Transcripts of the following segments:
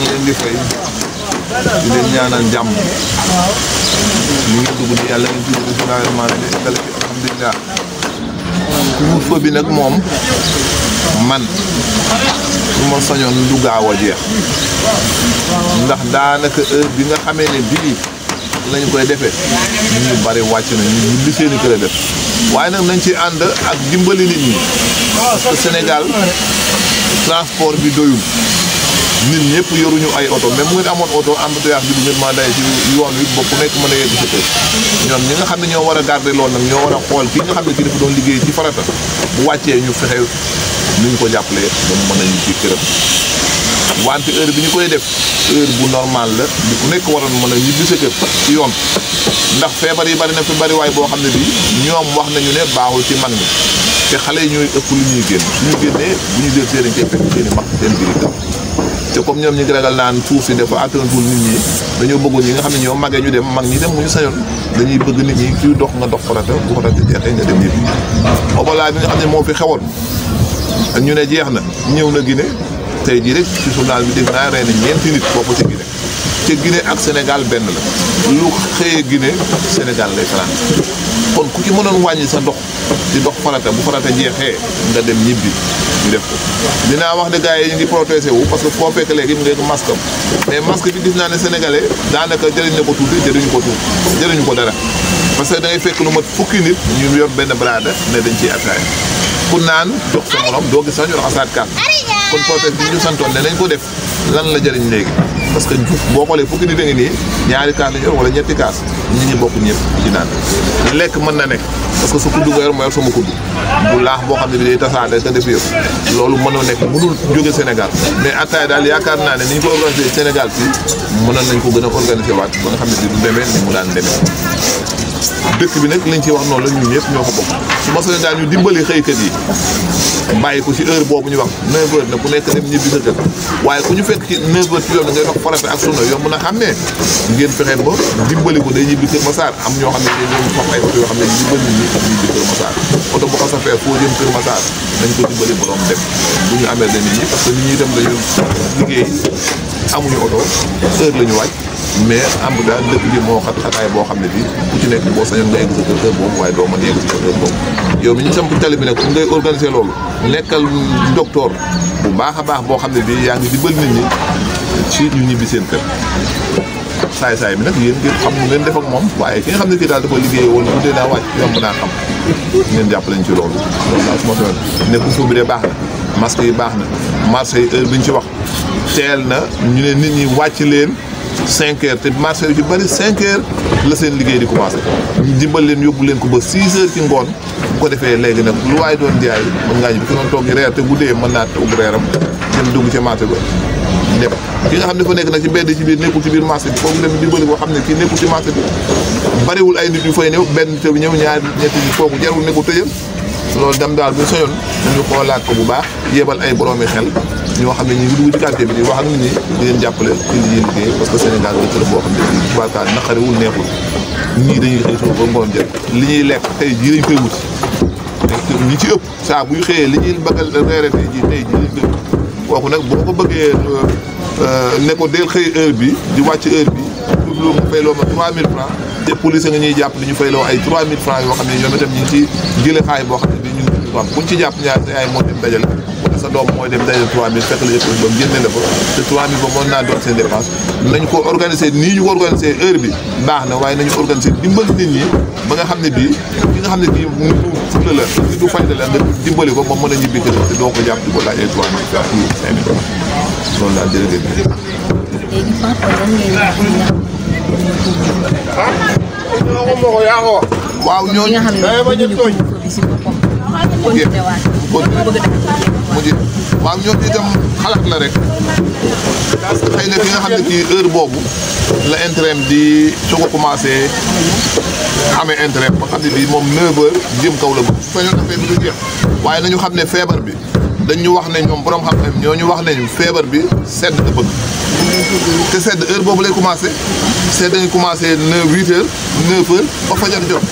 ngi leen di fay di leen ñaanal jàmm ñu ngi dugg di yàlla ngeen ci si nawet maa ngi leen di alhamdulilah bi nag moom man su ma sañoon gaaw a jeex ndax daanaka heure bi nga xamee ne bii lañ koy defee nit ñu bari wàcc nañ ñu di seen i kër def waaye nag nañ ci ànd ak dimbali nit ñi parce que Sénégal transport bi doyul. nit ñëpp yoruñu ay oto même bu ngeen amoon oto embouteillage bi du ngeen mën a day ci yoon wi ba ku nekk mën a yegg sa kër ñoom ñi nga xam ne ñoo war a garder lool nag ñoo war a xool kii nga xam ne kii dafa doon liggéey ci farata bu wàccee ñu fexe ni ñu ko jàppalee ba mu mën a ñu ci bi ñu koy def heure bu normal la bu ku nekk waroon mën a ñibbi sa kër ci yoon ndax feebar yi bari na fi bari waay boo xam ne bii ñoom wax nañu ne baaxul ci mag ñi te xale yi ñooy ëpp lu ñuy génn su ñu génnee bu ñu jël seen i njëkk seen seen te comme ñoom ñi ngi ragal naan suuf si dafa attantul nit ñi dañoo bëggoon ñi nga xam ne ñoo magee ñu dem mag ñi dem mu ñu sañoon dañuy bëgg nit ñi kuy dox nga dox farata bu farata nga dem yëpp. Obala bi nga xam ne moo fi xewoon ñu ne jeex na ñëw na Guinée. tey jii rek ci journal bi di naa rey nañ ñeenti nit bokk ci Guinée te Guinée ak Sénégal benn la lu xëyee Guinée Sénégal lay fanaan kon ku ci mënoon wàññi sa ndox di ndox farata bu farata jeexee nga dem ñibbi ñu def ko wax ne gars yi ñu ngi protesté wu parce que foo fekk léegi mu nekk masque bi gis naa ne sénégalais daanaka jëriñ na ko tuuti ko tuuti jëriñu ko dara parce que da ngay fekk lu mat fukki nit ñu yor benn braada dañ ciy attaaya naan jox sa morom doo gis sax ñu raxasaat kàddu kon prophète bi ñu santoon ne nañ ko def lan la jariñ léegi parce que boo xoolee fukki nit a ngi nii ñaari kaas lañ yor wala ñetti kaas nit ñi bokk ñëpp ci naan lekk mën na nekk parce que su kudd nga yor ma yor sama kudd bu laax boo xam ne bi day tasaare nga def yëpp loolu mënoo nekk mënul jóge Sénégal mais attaay daal yaakaar naa ne ni ñu ko organisé Sénégal fii mënoon nañ ko gën a organisé waat ba nga xam ne bi du demee ni mu daan demee dëkk bi nag liñ ci wax noonu la ñun ñëpp ñoo ko bokk su ma soobee daal ñu dimbali xëykat yi bàyyi ko ci heure boobu ñu wax 9h na ku nekk dem ñibbi sa kër waaye ku ñu fekk ci 9h ci yoon bi ngay dox farata ak sunna yomb na xam ne ngeen fexe ba dimbali ko day ñibbi kër Massar am ñoo xam ne tey ñoom foofu ay yoo xam ne dimbali nit ñi ak ñibbi kër Massar oto bu ko safee foo jëm kër Massar dañ ko dimbali borom dem bu ñu amee dañ nit ñi parce que nit ñi dem dañu liggéey amuñu oto heure la ñu wàcc mais am daal dëkk bi moo xat xataay boo xam ne bii ku ci nekk boo sañoon nga egg sa kër boobu waaye doo mën a egg sa kër boobu yow mi ñu samp tali bi nag pour ngay loolu nekkal docteur bu baax a baax boo xam ne bii yaa ngi dimbali nit ñi ci ñu ñibbi seen kër saay saay bi nag yéen ngeen xam nu ngeen def ak moom waaye fi nga xam ne kii daal dafa liggéey woon bu dee daa wàcc yomb naa xam ngeen jàpp lañ ci loolu loolu daal su ma ne couvre-feu bi baax na masque yi baax na marché bi ñu ci wax teel na ñu ne nit ñi wàcc leen cinq heures te marché yu bari bëri la seen liggéey di commencé ñu dimbal leen yóbbu leen ko ba six heures ci ngoon bu ko defee léegi nag lu waay doon jaay mën ngaa ñibbi ki doon toog reer te guddee mën naa toog reeram dem dugg ca marché ba dem ki nga xam ne fa nekk nag ci benn ci biir nekkul ci biir marché bi foofu dem dimbali ko xam ne kii nekkul ci marché bi bariwul ay nit yu fay ñëw benn nit bi ñëw ñaar ñetti nit kooku jarul ne ko tëjal loolu dem daal bu soyoon ñu xoolaat ko bu baax yebal ay boroomi xel ñoo xam ne ñu ngi dugg ci quartier bi di wax ak nit ñi di leen jàppale indi yéen liggéey parce que Sénégal dëkk la boo xam ne tubaarkaal naqariwul neexul ñii dañuy xëy li ñuy lekk tey jii lañ koy wut ñi ci ëpp saa buy xëyee li ñuy bëggal reere tey jii tey jii lañ koy wut kooku boo ko bëggee euh, ne ko del xëy heure bi di wàcc heure bi jublu nga fayloo ma 3000 francs te police nga ñuy jàpp di francs yoo xam ne ñoom itam ñu ngi ci jële xaay boo xam ne waaw buñ ci jàpp ñaar sa yaay moo dem dajal wala sa doom mooy dem dajal 3000 fekk la yëpp ba mu la fa te 3000 ba mën naa doon seen dépense nañ ko organiser nii ñu ko organiser heure bi baax na waaye nañu organiser dimbal nit ñi ba nga xam ne bii ki nga xam ne bii mu fulla la li du fayda la nga dimbali ko moom mën a ñibbi kër te doo ko jàpp di ko laaj ay 3000 ak 5000 loolu daal jërëjëf léegi Papa waaw ñooñu nga xam ne jéem bëgg waaw ñoom itam xalaat la rek parce que xëy na ki nga xam ne kii heure boobu la intérêt di soog a commencé xamee intérêt ba xam ne bii moom 9h jëm kaw la bëgg su fekkee waaye nañu xam ne feebar bi dañ ñu wax ne ñoom borom xam-xam ñoo ñu wax ne ñu feebar bi sedd la te sedd heure boobu lay commencé sedd dañuy commencé 9 8h ba fajar jot.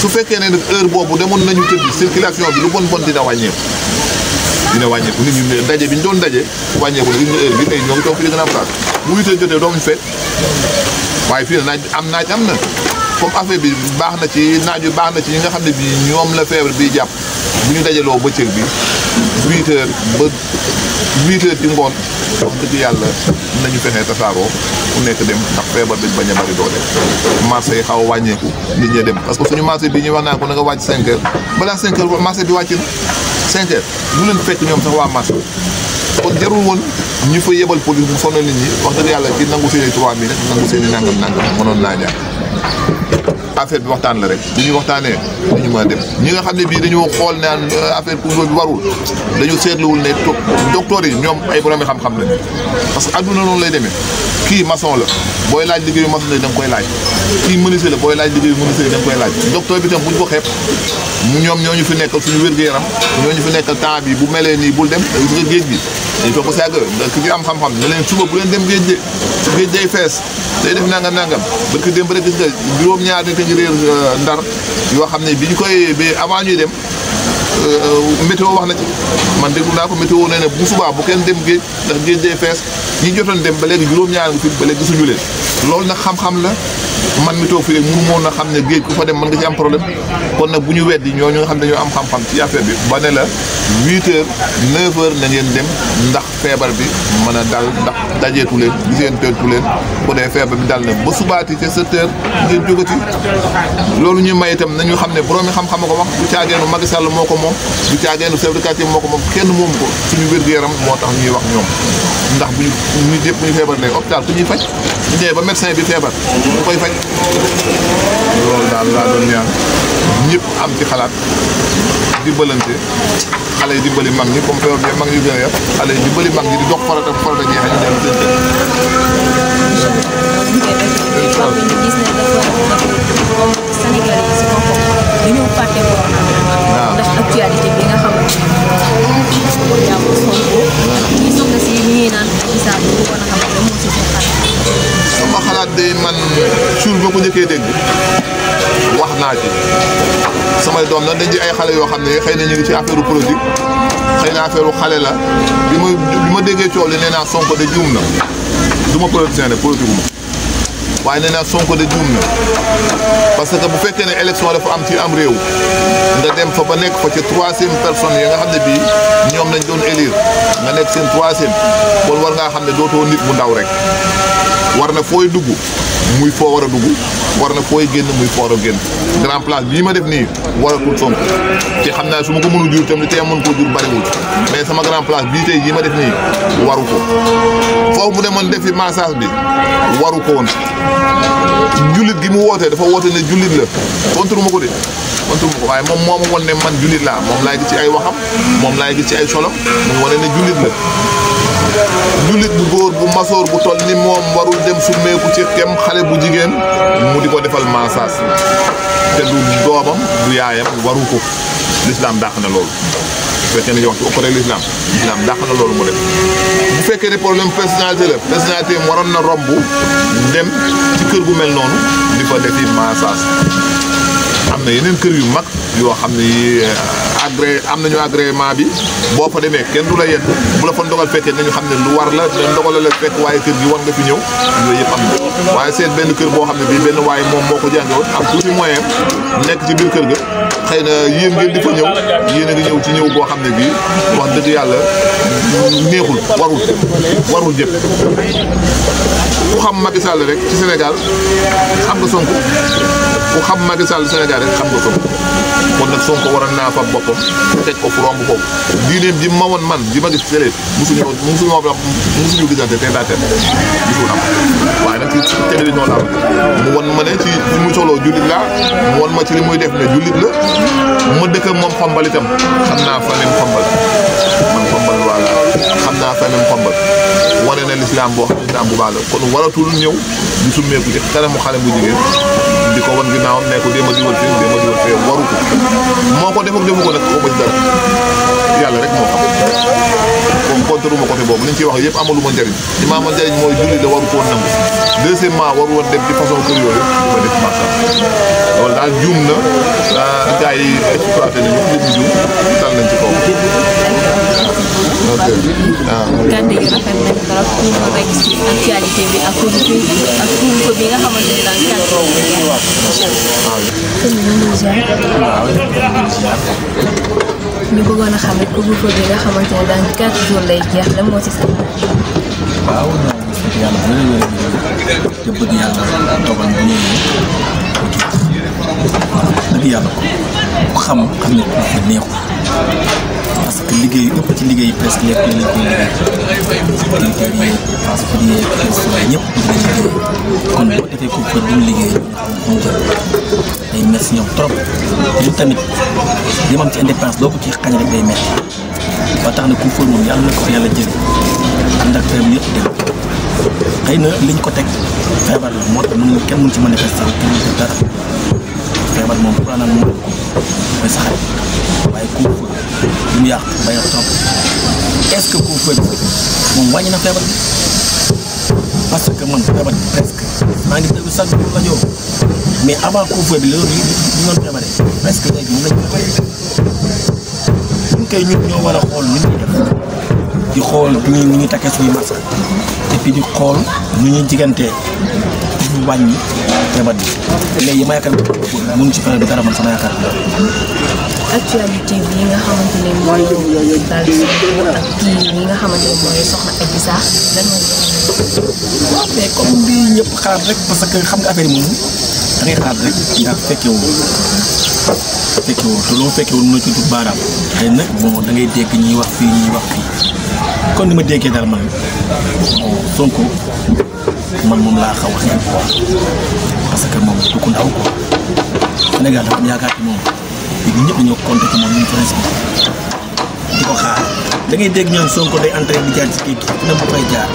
su fekkee ne nag heure boobu demoon nañu tëdd circulation bi lu bon bon dina wàññeeku dina wàññeeku nit ñu daje bi ñu doon daje wàññeeku nag ñu heure bi tey ñoo ngi toog fi di gën a place bu huit heures jotee doomuñu fekk waaye fii naaj am naaj am na comme affaire bi baax na ci naaj bi baax na ci ñi nga xam ne bii ñoom la feebar bi jàpp bu ñu dajaloo bëccëg bi huit heures ba huit heures ci ngoon wax dëgg yàlla nañu fexee tasaaroo ku nekk dem ndax feebar ba bañ a bari doole marché yi xaw a wàññeeku nit ñi dem parce que suñu marché bi ñu wax naan ko na nga wàcc cinq heures balaa cinq heures marché bi wàcc na cinq lu leen fekk ñoom sax waa marché kon jarul woon ñu fa yebal police mu sonal nit ñi wax dëgg yàlla ci nangu seen i trois mille nangu seen i nangam nangam mënoon naa ñaar affaire bi waxtaan la rek bu ñu waxtaanee dañu mën a dem ñi nga xam ne bii dañoo xool naan euh, affaire couvre-feu bi warul dañu seetluwul ne docteur yi ñoom ay borom xam-xam la parce que adduna noonu lay demee kii maçon la booy laaj liggéeyu maçon la da nga koy laaj kii menuisier la booy laaj liggéeyu menuisier la da nga koy laaj docteur bi tam bu ñu ko xeeb ñoom ñoo ñu fi nekkal suñu wér-gu-yaram ñoo ñu fi nekkal temps yi bu melee nii bul dem gis nga géej bi dañ toog ba si yàgg dëkk bi am xam-xam ne leen suba bu leen dem géej géej day fees day def nangam nangam bërk dem ba rek gis nga juróom-ñaar nit a ngi euh, ndar yoo xam ne bi ñu koy bi avant ñuy dem euh, météo wax na ci man déglu naa ko météo nee ne bu subaa bu kenn dem géej ndax géej de fees ñi jotoon dem ba léegi juróom-ñaar nga fi ba léegi gisuñu leen loolu nag xam-xam la man mi toog fii rek mënu moon na xam ne géej ku fa dem man nga ci am problème kon nag bu ñu weddi ñoo ñu nga xam ne dañoo am xam-xam ci affaire bi ba ne la huit heures neuf heures na ngeen dem ndax feebar bi mën a dal ndax dajeetu leen giseen teentu leen bu dee feebar bi dal na ba subaati ca sept heures ngeen jógati loolu ñu may itam ñu xam ne boroomi xam-xam ko wax bu caageenu Macky Sall moo ko moom bu caageenu chef moo ko moom kenn moomu ko suñu wér-gu-yaram moo tax ñuy wax ñoom ndax buñu nit yëpp muy feebar léegi hôpital ku ñuy faj ñu dee ba médecin bi feebar mu koy faj loolu daal laa doon ñaan ñëpp am ci xalaat dimbalante xale yi dimbali mag ñi comme feebar ñu gën a yar di dox farata farata jeexe ñu dem tëj waaw ndax actualité bi nga xamante ñii naan bisaab bu ko naka wax moo si sama xalaat day man suur boo ko njëkkee dégg wax naa ci samay doom nag dañ di ay xale yoo xam ne xëy na ñu ngi ci affaire politique xëy na affaire xale la bi ma bi ma déggee coow li nee naa Sonko de juum na du ma politicien de waaye nee naa Sonko de juum na parce que bu fekkee ne élection dafa am ci am réew nga dem fa ba nekk fa ci troisième personne yi nga xam ne bii ñoom lañ doon élire nga nekk seen troisième kon war ngaa xam ne dootoo nit mu ndaw rek war na fooy dugg muy foo war a dugg war na fooy génn muy foo war a génn. grand place lii ma def nii waratul Sonko te xam naa su ma ko mënu jur tam li tey mën koo jur bariwul mais sama grand place bii tey jii ma def nii waru ko foofu mu de defi massage bi waru ko woon jullit gi mu wootee dafa woote ne jullit la contre ma ko de contre ko waaye moom moo ma won ne man jullit laa moom laay gis ci ay waxam moom laay gis ci ay solo mu wane ne jullit la xasoor bu toll ni moom warul dem summeeku ci kem xale bu jigéen mu di ko defal massage te du doomam du yaayam waru ko lislaam dàq na loolu bu fekkee ne ñu wax dàq na loolu mu bu fekkee ne problème personnalité la personnalité am waroon na rob dem ci kër gu mel noonu di ko defi massage am na yeneen kër yu mag yoo xam ne agré am nañu agrément bi boo fa demee kenn du la yenn bu la fa ndogal fekkee nañu xam ne lu war la da ndogal la fekk waaye kër gi war nga fi ñëw yooyu yëpp am na waaye seet benn kër boo xam ne bii benn waaye moom moo ko jànge woon am si moyen nekk ci biir kër ga xëy na yéen ngeen di fa ñëw yéen a ngi ñëw ci ñëw boo xam ne bii wax dëgg yàlla neexul warul warul jëpp ku xam Macky Sall rek ci Sénégal xam nga Sonko ku xam Macky Sall Sénégal rek xam nga Sonko Sonko waroon naa fa boppam teg ko fu romb foofu diineem ji ma woon man ji ma gis télé musuñu musuñu am musuñu gisante tey daa teel gisul am waaye nag ci télévision la mu won ma ne ci li mu soloo mu won ma ci li muy def ne jullit la ma dëkk moom xombal itam xam naa fa leen xombal man xombal waa xam naa fa leen xombal wane na lislaam boo xam lislaam bu baax la kon waratul ñëw di summeeku ci kanamu xale bu di ko wan ginnaawam ne ko démb a diwal fii démb a diwal fii ko moo ko def ak defu ko nag koo bëj dara yàlla rek moo xam. moom contre ma côté boobu li ñu ciy wax yëpp amalu ma njëriñ li ma amal njëriñ mooy julli da waru koo nangu deuxièmement waru woon dem ci façon kër yooyu ba def bàkkaar loolu daal juum na ah, gars yi exploité nañu ñëpp juum dal nañ ci kaw. ok waaw. Ah. gàddu gi rafet nañ trop ñu ko rek ci actualité bi ak ak ko bi nga xamante ne daal gàddu gi. waaw. ñu bëggoon a xam rek couvre-feu bi nga xamante ne daal 4 jours. loolu lay jeex yàlla dina ñëw te bëgg yàlla dogal bu ñëw dëgg yàlla ko xam xam ne ku fi neexul parce que liggéey ëpp ci liggéey presque lépp lépp lépp lépp tey tey parce que liggéey presque kon boo defee ko fa duñ liggéey day métti ñoom trop ñun tamit yemam ci indépendance doo ko ci xañ rek day métti. ba tax na ku fóot moom yàlla na ko yàlla jël ànd xëy na liñ ko teg feebar la moo tax mën nga kenn mën ci manifester kenn mën ci dara feebar moom ku naan moom ce que moom feebar bi parce que man feebar bi presque maa ngi déglu bi rajo bi loolu yi feebaree presque léegi mën nañu kay ñun ñoo war a xool ni ñuy def di xool ñi ñu ngi takkee suñu masque et puis di xool ñu ñuy jigantee ñu wàññi feebar bi léegi ma yaakaar mënu ci fexe ba dara man sama yaakaar actualité bi nga xamante mooy daal ak kii yi nga comme bi ñëpp xalaat rek parce que xam nga affaire yi moom xalaat rek nga fekkewoo fekke woon te loo fekke woon mën na ci dugg baaraam xëy na bon da ngay dégg ñuy wax fii ñuy wax fii kon ni ma déggee daal man Sonko man moom laa xaw a xeeb parce que moom du ko ndaw quoi Sénégal dafa am yaakaar ci moom léegi ñëpp dañoo compter ci moom ñun France bi di ko xaar da dégg ñaan Sonko day entraîné di jaar ci kii bi dina ma fay jaar.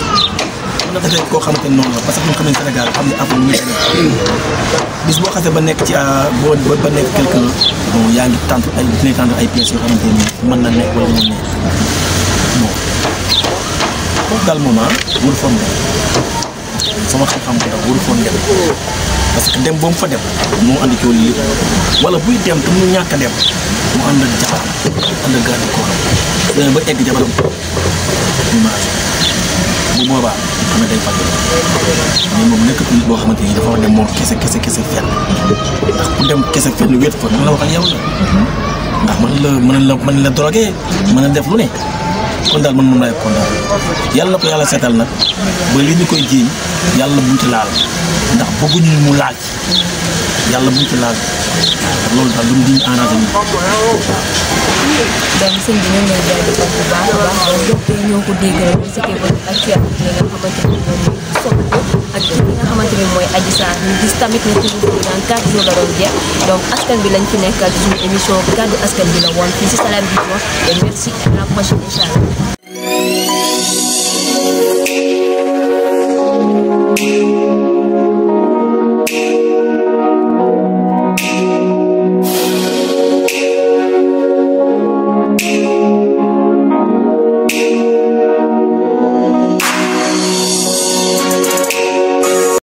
nga dajee koo xamante ne noonu la parce que xam nañ Sénégal xam ne affaire yi ñu bis boo xasee ba nekk ci euh, boo ba nekk quelque bon yaa ngi tànt ay dina tànt ay pièces yoo xamante ni mën na nekk wala mën na nekk bon foofu daal moom ah wóor foon nga sama xam-xam bu ndaw wóor foon nga parce que dem ba mu fa dem moo andi coono lépp wala buy dem te mu ñàkk a dem mu ànd ak jabaram ànd ak gàllankoor ba egg jabaram ñu maaj bu boobaa. xam moom nekk nit boo xamante ni dafa war a dem moom kese kese kese fenn ndax ku dem kese fenn wéet fa mën la wax ak yow la ndax mën la mën la mën la drogué mën la def lu ne kon daal man moom laay kontaan yàlla na ko yàlla seetal nag ba li ñu koy jiiñ yàlla buñ ci laal ndax bëgguñu mu laaj yàlla buñ ci laal loolu daal lu mu jiiñ arrangé ñu donc sëñ bi ñu ngi lay bu baax a baax donc ñëpp ñoo ko dégg rek bu fekkee ba actualité yi nga xamante ne mooy soppi ak li gis tamit ne toujours dans quatre jours la doon jeex donc askan bi lañ fi nekkal ci suñu émission kàddu askan bi la woon fii si Salam Vision et merci à la